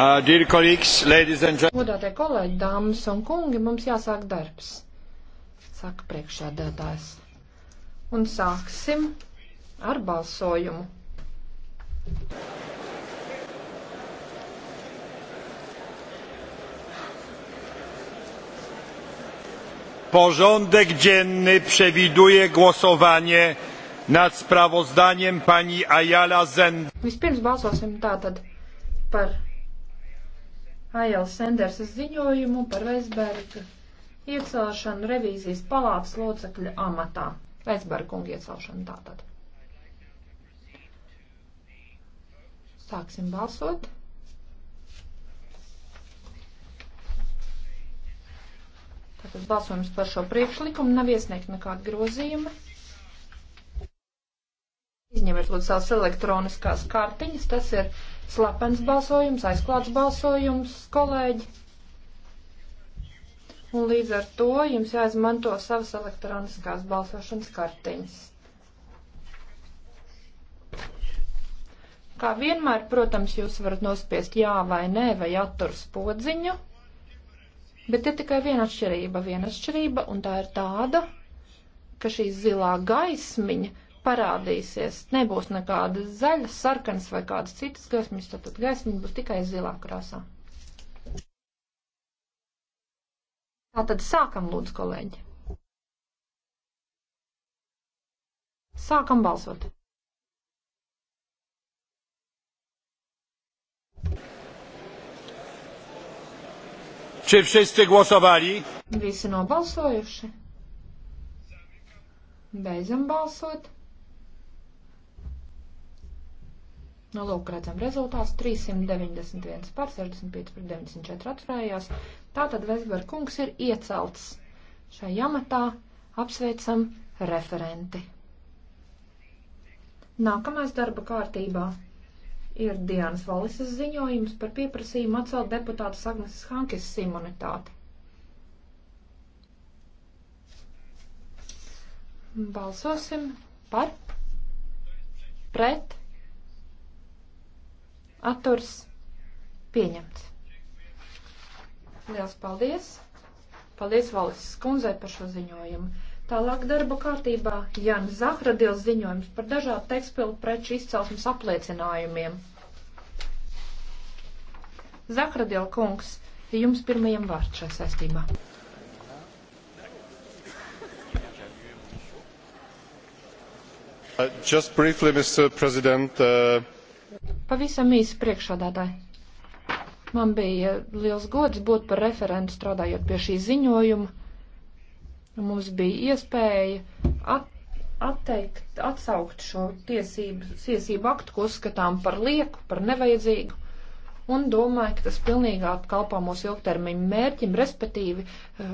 Uh, Godātie kolēģi, dāmas un kungi, mums jāsāk darbs, saka priekšādātājs. Un sāksim ar balsojumu. Porządek dzienny przewiduje głosowanie nad sprawozdaniem pani Ayala Zend. Vispirms balsosim tātad par Aijels Sendersas ziņojumu par Veisberga iecelšanu revīzijas palātas locekļa amatā. Veisberga kunga iecelšanu tātad. Sāksim balsot. Tātad balsojums par šo priekšlikumu nav iesniegt nekāda grozījuma. Izņemiet lūdzu savas elektroniskās kartiņas, tas ir Slepens balsojums, aizklāts balsojums, kolēģi. Un līdz ar to jums jāizmanto savas elektroniskās balsošanas kartiņas. Kā vienmēr, protams, jūs varat nospiest jā vai nē vai atturs podziņu, bet ir tikai viena atšķirība, viena atšķirība, un tā ir tāda, ka šī zilā gaismiņa parādīsies. Nebūs nekādas zaļas, sarkanas vai kādas citas gaismas, tad gaismiņa būs tikai zilā krāsā. Tātad sākam, lūdzu, kolēģi. Sākam balsot. Czy wszyscy głosowali? Visi nobalsojuši. Beidzam balsot. Nu, lūk, redzam rezultāts. 391 par 65 pret 94 atturējās. Tātad Vesberg kungs ir iecelts šai amatā. Apsveicam referenti. Nākamais darba kārtībā ir Dienas Valises ziņojums par pieprasījumu atcelt deputātas Agneses Hankis imunitāti. Balsosim par, pret, atturs pieņemts. Liels paldies! Paldies Valises kundzei par šo ziņojumu. Tālāk darba kārtībā Jana Zahradils ziņojums par dažādu tekstilu preču izcelsmes apliecinājumiem. Zahradil kungs, jums pirmajam vārds šajā saistībā. Uh, just briefly, Mr. President, uh, Pavisam īsi priekšādātāji. Man bija liels gods būt par referentu strādājot pie šī ziņojuma. Mums bija iespēja at, atteikt, atsaukt šo tiesību, tiesību aktu, ko uzskatām par lieku, par nevajadzīgu un domāju, ka tas pilnīgā kalpā mūsu ilgtermiņa mērķim, respektīvi eh,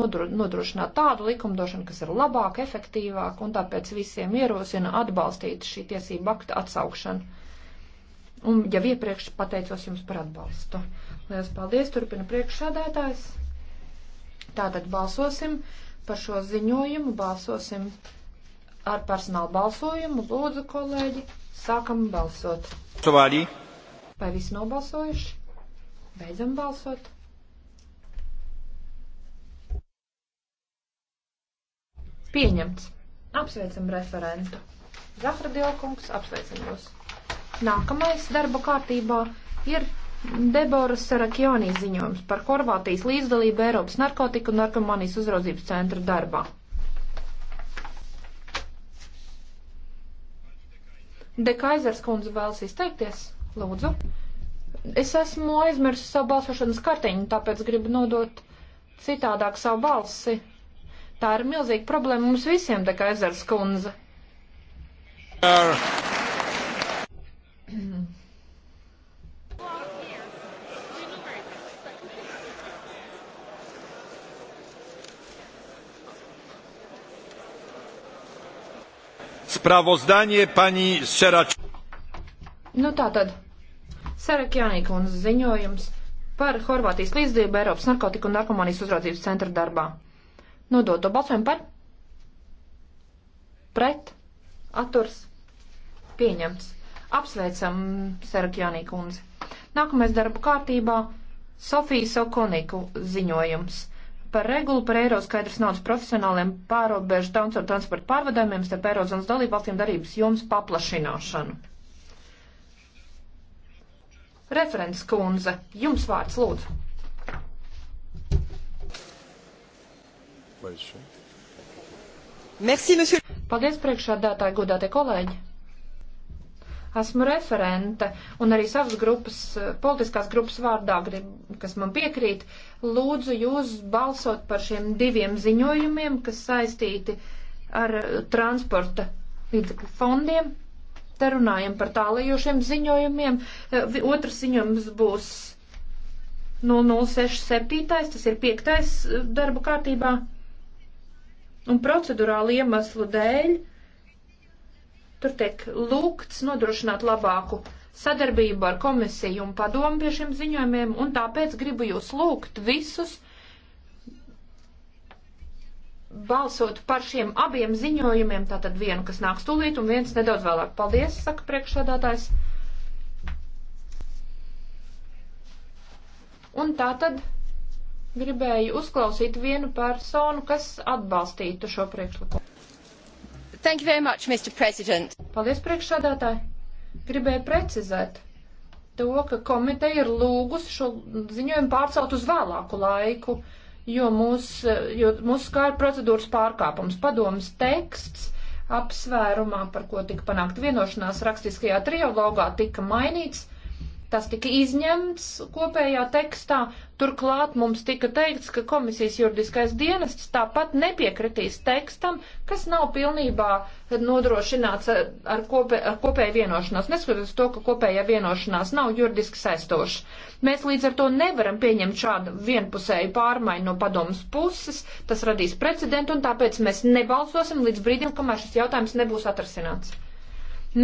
nodru, nodrošināt tādu likumdošanu, kas ir labāk, efektīvāk, un tāpēc visiem ierosina atbalstīt šī tiesība akta atsaukšanu. Un jau iepriekš pateicos jums par atbalstu. Lielas paldies, turpina priekšsādētājs. Tātad balsosim par šo ziņojumu, balsosim ar personālu balsojumu. Lūdzu, kolēģi, sākam balsot. Savādī. Vai visi nobalsojuši? Beidzam balsot. Pieņemts. Apsveicam referentu. Zahra Dielkungs, apsveicam jūs. Nākamais darba kārtībā ir Debora Sarakjonī ziņojums par Horvātijas līdzdalību Eiropas narkotiku un narkomānijas uzraudzības centra darbā. De Kaisers kundze vēlas izteikties. Lūdzu. Es esmu aizmirsis savu balsošanas kartiņu, tāpēc gribu nodot citādāk savu balsi. Tā ir milzīga problēma mums visiem, De Kaisers kundze. Uh. Sprawozdanie pani Serac. Nu tātad, Sarakjānīkums ziņojums par Horvātijas līdzdību Eiropas narkotiku un narkomānijas uzraudzības centra darbā. Nodot to balsojumu par? Pret? Atturs? Pieņemts. Apsveicam Sarakjānī kundzi. Nākamais darba kārtībā Sofijas Okoniku ziņojums par regulu par eiro skaidrs naudas profesionāliem pārobežu transporta transporta pārvadājumiem starp eirozonas dalībvalstīm darības jums paplašināšanu. Referents kundze, jums vārds lūdzu. Merci, monsieur. Paldies priekšādātāji, godātie kolēģi. Esmu referente un arī savas grupas, eh, politiskās grupas vārdā, grib, kas man piekrīt, lūdzu jūs balsot par šiem diviem ziņojumiem, kas saistīti ar eh, transporta līdzekļu fondiem. Te runājam par tālējošiem ziņojumiem. Eh, otrs ziņojums būs 0067, tas ir piektais darba kārtībā. Un procedurāli iemeslu dēļ Tur tiek lūgts nodrošināt labāku sadarbību ar komisiju un padomu pie šiem ziņojumiem, un tāpēc gribu jūs lūgt visus balsot par šiem abiem ziņojumiem, tātad vienu, kas nāks tūlīt, un viens nedaudz vēlāk. Paldies, saka priekšsādātājs. Un tātad gribēju uzklausīt vienu personu, kas atbalstītu šo priekšlikumu. Much, Paldies, priekšsādātāji! Gribēju precizēt to, ka komiteja ir lūgusi šo ziņojumu pārcelt uz vēlāku laiku, jo mūsu mūs skāra procedūras pārkāpums. Padomas teksts apsvērumā, par ko tika panākt vienošanās rakstiskajā triologā, tika mainīts Tas tika izņemts kopējā tekstā. Turklāt mums tika teikts, ka komisijas juridiskais dienests tāpat nepiekritīs tekstam, kas nav pilnībā nodrošināts ar, kopē, ar kopēju vienošanos, neskatoties to, ka kopējā vienošanās nav juridiski saistoša. Mēs līdz ar to nevaram pieņemt šādu vienpusēju pārmaiņu no padomas puses, tas radīs precedentu, un tāpēc mēs nebalsosim līdz brīdim, kamēr šis jautājums nebūs atrasināts.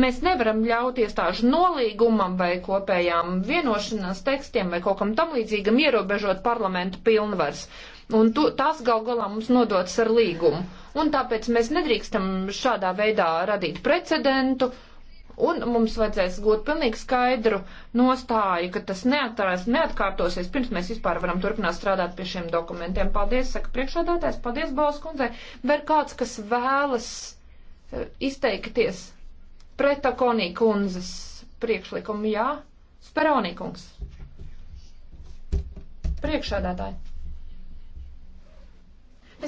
Mēs nevaram ļaut iestāžu nolīgumam vai kopējām vienošanās tekstiem vai kaut kam tam līdzīgam ierobežot parlamentu pilnvars. Un tu, tas gal galā mums nodots ar līgumu. Un tāpēc mēs nedrīkstam šādā veidā radīt precedentu. Un mums vajadzēs gūt pilnīgi skaidru nostāju, ka tas neatkārs, neatkārtosies, pirms mēs vispār varam turpināt strādāt pie šiem dokumentiem. Paldies, saka priekšādātājs, paldies, Balskundze. Vai ir kāds, kas vēlas eh, izteikties? Pretakonī kundzes priekšlikumu, jā. Speronī kungs. Priekšādātāji.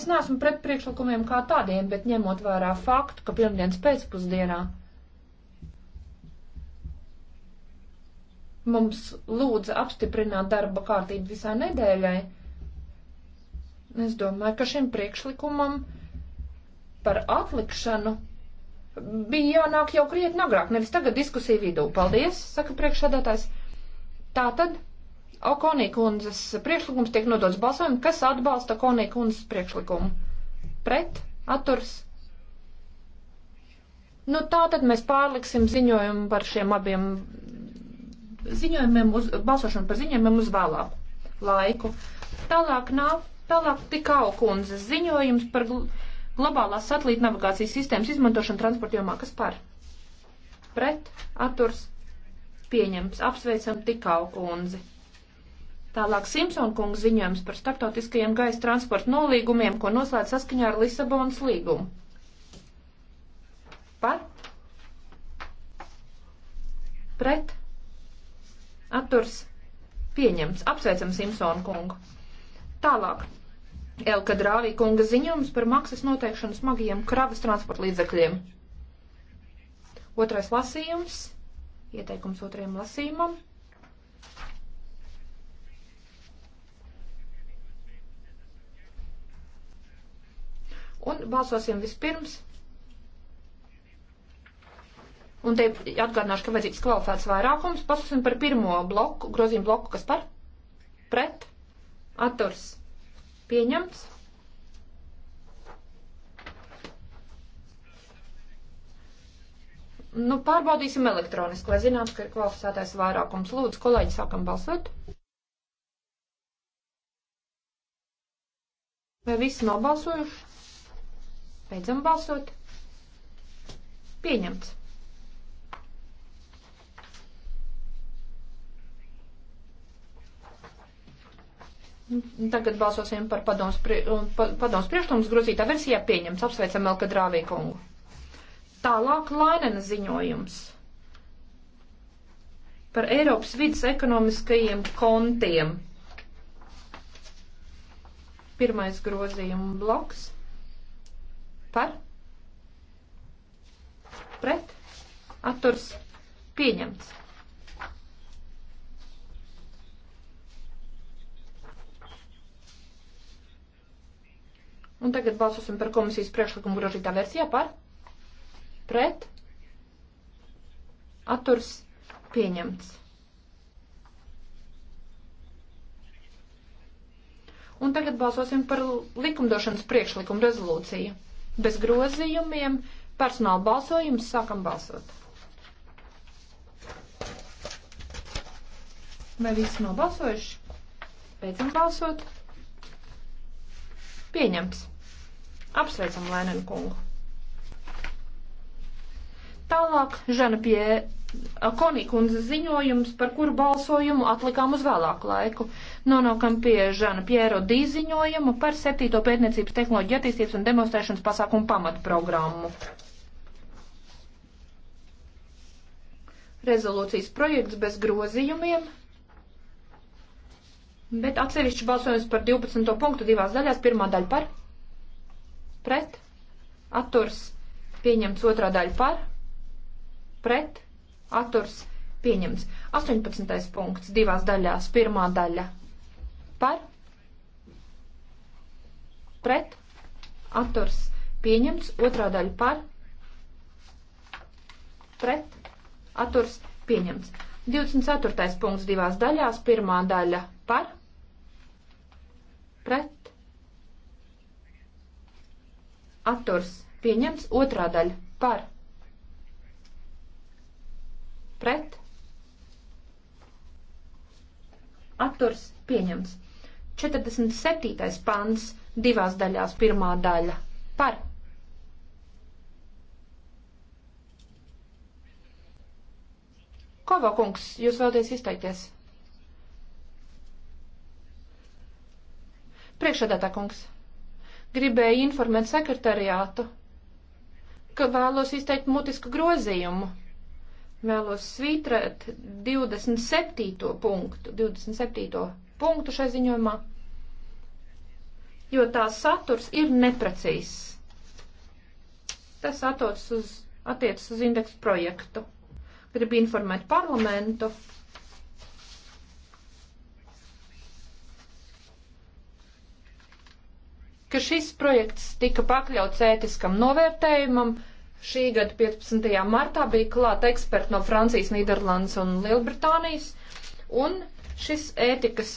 Es neesmu pret priekšlikumiem kā tādiem, bet ņemot vērā faktu, ka pirmdienas pēcpusdienā mums lūdza apstiprināt darba kārtību visai nedēļai, es domāju, ka šim priekšlikumam par atlikšanu bija jānāk jau krietni agrāk, nevis tagad diskusiju vidū. Paldies, saka priekšsādātājs. Tātad Okonī kundzes priekšlikums tiek nodots balsojumu, kas atbalsta Okonī kundzes priekšlikumu. Pret, atturs. Nu tā tad mēs pārliksim ziņojumu par šiem abiem ziņojumiem, uz, balsošanu par ziņojumiem uz vēlāku laiku. Tālāk nav, tālāk tikau kundzes ziņojums par. Gl globālās satelīta navigācijas sistēmas izmantošanu transporta jomā. Kas par? Pret, atturs, pieņems, apsveicam tikau kundzi. Tālāk Simpson kungs ziņojums par starptautiskajiem gaisa transporta nolīgumiem, ko noslēdz saskaņā ar Lisabonas līgumu. Par? Pret? Atturs? Pieņemts. Apsveicam Simpsonu kungu. Tālāk. Elka Drāvī kunga ziņojums par maksas noteikšanu smagajiem kravas transporta līdzekļiem. Otrais lasījums, ieteikums otrajam lasījumam. Un balsosim vispirms. Un te atgādināšu, ka vajadzīgs kvalificēts vairākums. Balsosim par pirmo bloku, grozījumu bloku, kas par? Pret? Atturs Pieņemts. Nu, pārbaudīsim elektroniski, lai zinātu, ka ir kvalificētais vairākums. Lūdzu, kolēģi, sākam balsot. Vai visi nobalsojuši? Beidzam balsot. Pieņemts. Tagad balsosim par padoms, pri, padoms priekšlikumus grozītā versijā pieņemts. Apsveicam Elka Drāvīkungu. Tālāk Lainena ziņojums par Eiropas vidas ekonomiskajiem kontiem. Pirmais grozījuma bloks. Par? Pret? Atturs pieņemts. Un tagad balsosim par komisijas priekšlikumu grozītā versijā par pret atturs pieņemts. Un tagad balsosim par likumdošanas priekšlikumu rezolūciju. Bez grozījumiem personāla balsojums sākam balsot. Vai visi nobalsojuši? Beidzam balsot. Pieņemts. Apsveicam Lēnenu kungu. Tālāk Žana pie Konikundzes ziņojums, par kuru balsojumu atlikām uz vēlāku laiku. Nonākam pie Žana Piero D ziņojumu par 7. pētniecības tehnoloģiju attīstības un demonstrēšanas pasākumu pamatprogrammu. Rezolūcijas projekts bez grozījumiem, bet atsevišķi balsojums par 12. punktu divās daļās. Pirmā daļa par pret, atturs, pieņemts otrā daļa par, pret, atturs, pieņemts. 18. punkts divās daļās. Pirmā daļa par, pret, atturs, pieņemts. Otrā daļa par, pret, atturs, pieņemts. 24. punkts divās daļās. Pirmā daļa par, pret, atturs pieņemts. Otrā daļa par pret atturs pieņemts. 47. pants divās daļās pirmā daļa par Kova kungs, jūs vēlaties izteikties? Priekšādātā kungs gribēju informēt sekretariātu, ka vēlos izteikt mutisku grozījumu. Vēlos svītrēt 27. punktu, 27. punktu šai ziņojumā, jo tās saturs ir neprecīzs. Tas attiecas uz, attiec uz indeksu projektu. Gribu informēt parlamentu, ka šis projekts tika pakļauts ētiskam novērtējumam. Šī gada 15. martā bija klāta eksperti no Francijas, Nīderlandes un Lielbritānijas, un šis ētikas,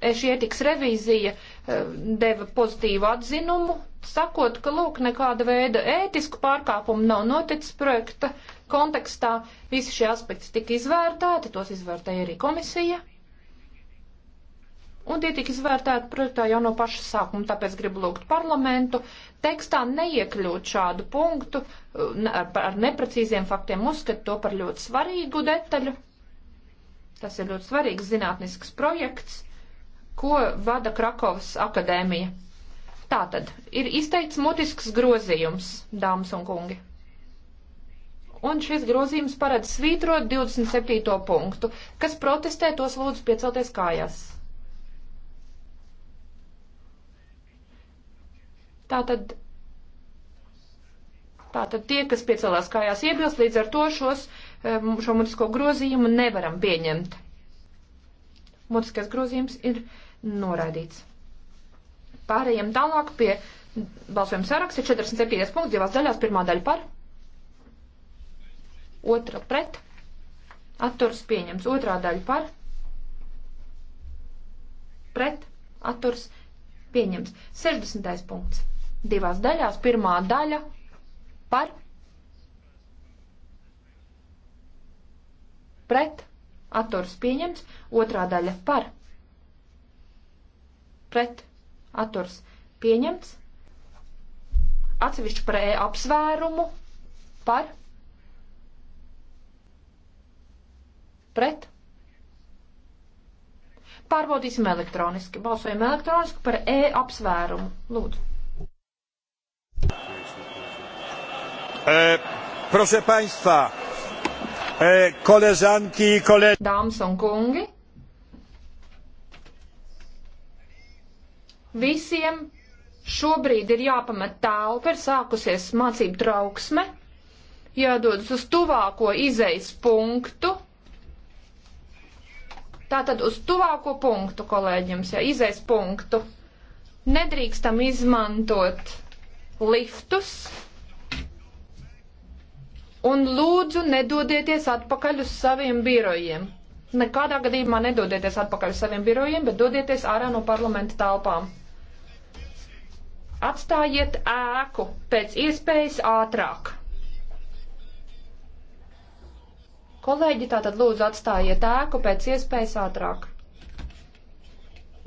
e, šī ētikas revīzija e, deva pozitīvu atzinumu, sakot, ka lūk, nekāda veida ētisku pārkāpumu nav noticis projekta kontekstā. Visi šie aspekti tika izvērtēti, tos izvērtēja arī komisija un tie tika izvērtēti projektā jau no paša sākuma, tāpēc gribu lūgt parlamentu tekstā neiekļūt šādu punktu ar neprecīziem faktiem, uzskat to par ļoti svarīgu detaļu. Tas ir ļoti svarīgs zinātnisks projekts, ko vada Krakovas akadēmija. Tātad ir izteikts mutisks grozījums, dāmas un kungi un šis grozījums paredz svītrot 27. punktu, kas protestē tos lūdzu piecelties kājās. Tātad, tātad tie, kas piecelās kājās iebilst, līdz ar to šos, eh, šo mutisko grozījumu nevaram pieņemt. Mutiskais grozījums ir noraidīts. Pārējiem tālāk pie balsojuma saraksta 47. punkts, divās daļās, pirmā daļa par, otra pret, atturs pieņems, otrā daļa par, pret, atturs pieņems. 60. punkts divās daļās. Pirmā daļa par pret atturs pieņems, otrā daļa par pret atturs pieņemts, atsevišķu pret apsvērumu par pret. Pārbaudīsim elektroniski. Balsojam elektroniski par E apsvērumu. Lūdzu. E, proszę Państwa, e, koleżanki i koledzy. Dāmas un kungi, visiem šobrīd ir jāpamet telpa, ir sākusies mācību trauksme, jādodas uz tuvāko izejas punktu. Tātad uz tuvāko punktu, kolēģiem, ja izejas punktu. Nedrīkstam izmantot liftus, Un lūdzu, nedodieties atpakaļ uz saviem birojiem. Nekādā gadījumā nedodieties atpakaļ uz saviem birojiem, bet dodieties ārā no parlamenta telpām. Atstājiet ēku pēc iespējas ātrāk. Kolēģi, tātad lūdzu atstājiet ēku pēc iespējas ātrāk.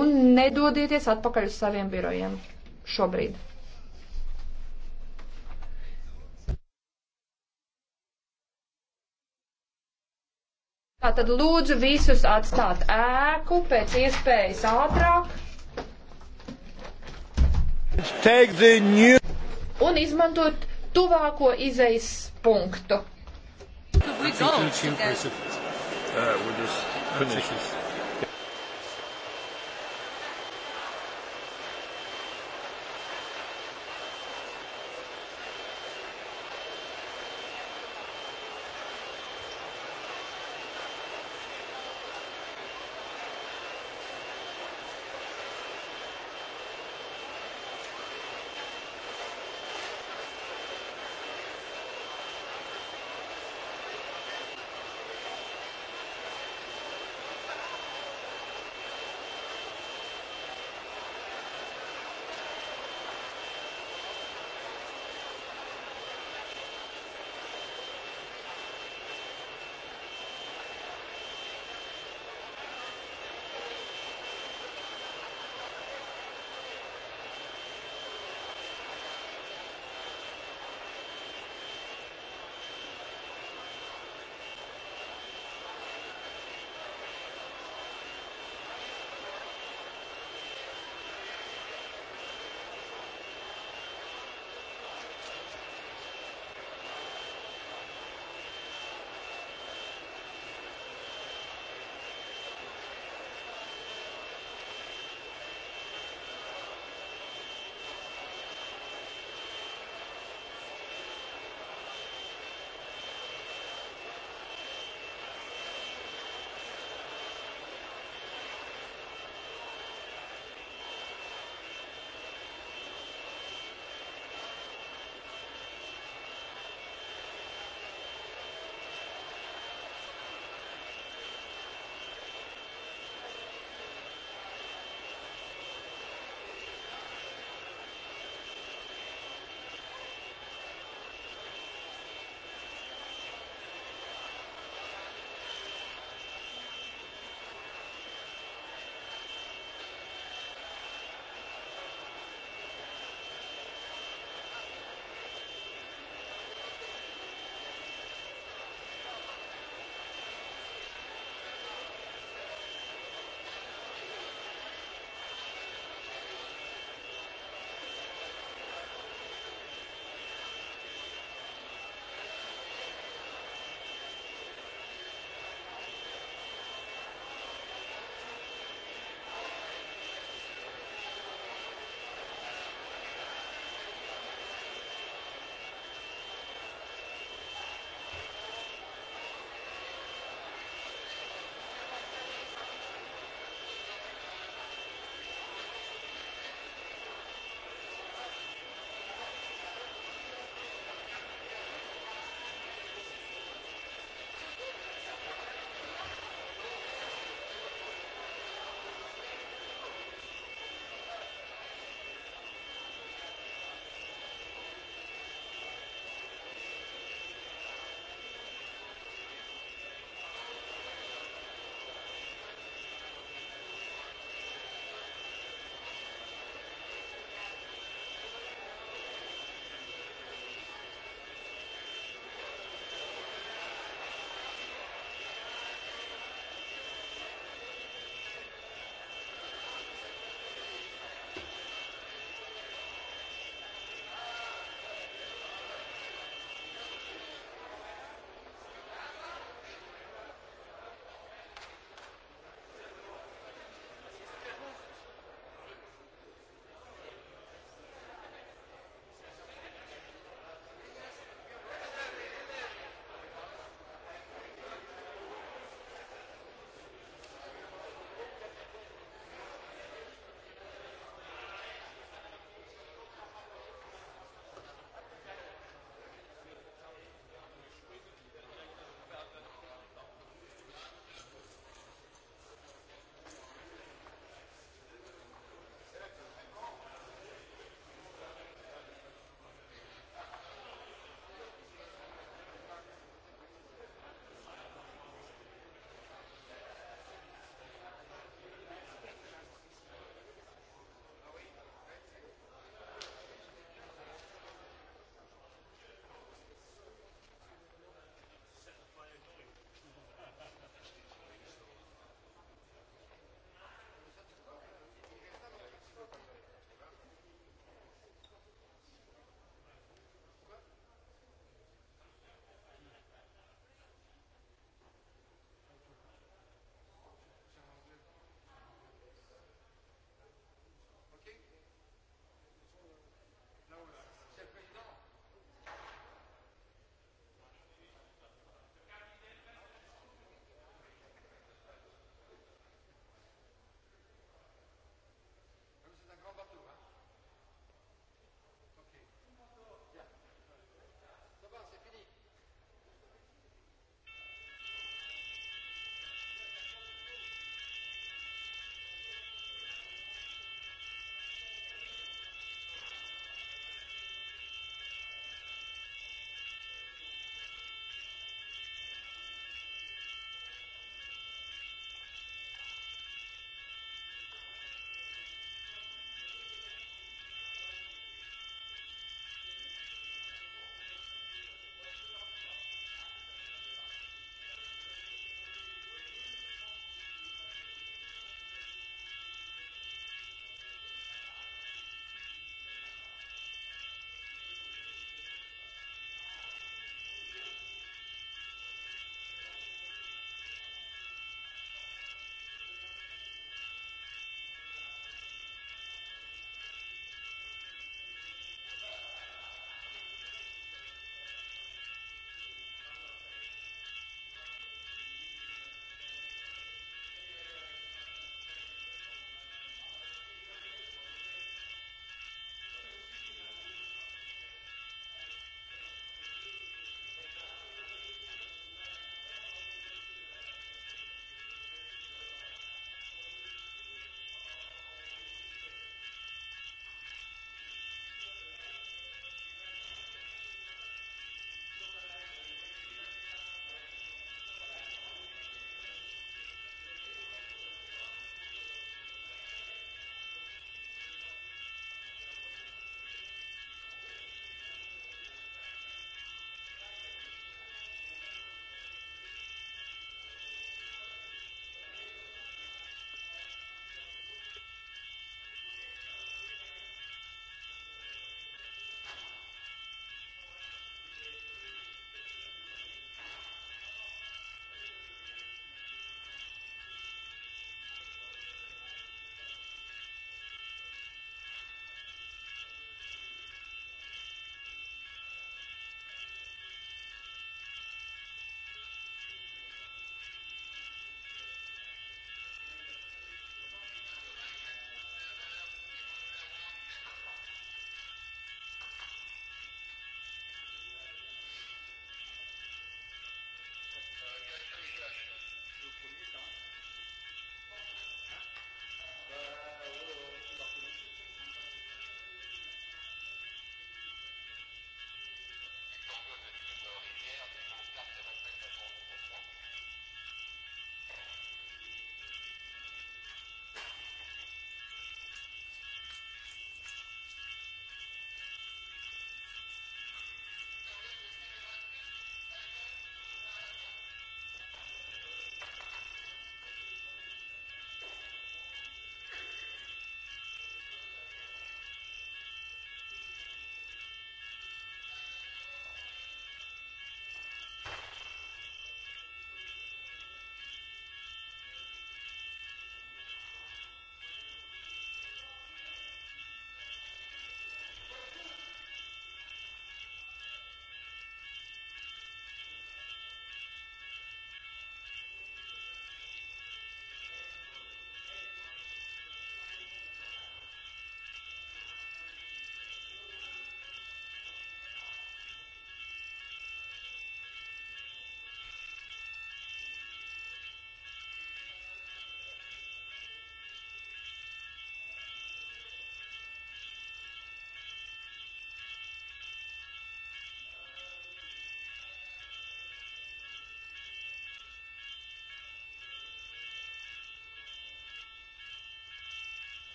Un nedodieties atpakaļ uz saviem birojiem šobrīd. Tātad lūdzu visus atstāt ēku pēc iespējas ātrāk. New... Un izmantot tuvāko izejas punktu. Could we go? Uh, we'll just finish this.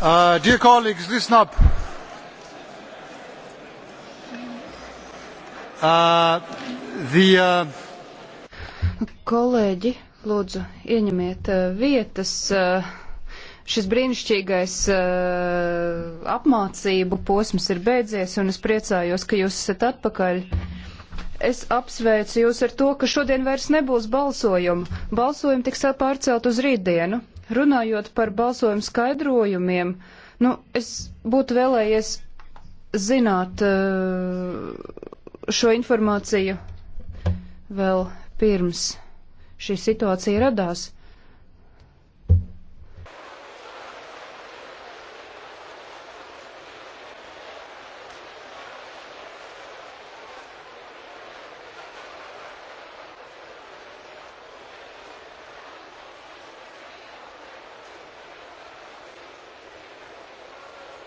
Uh, dear colleagues, listen up. Uh, the, uh... Kolēģi, lūdzu, ieņemiet uh, vietas. Uh, šis brīnišķīgais uh, apmācību posms ir beidzies, un es priecājos, ka jūs esat atpakaļ. Es apsveicu jūs ar to, ka šodien vairs nebūs balsojumu. Balsojumi tiks pārcelt uz rītdienu. Runājot par balsojumu skaidrojumiem, nu, es būtu vēlējies zināt eh, šo informāciju vēl pirms šī situācija radās.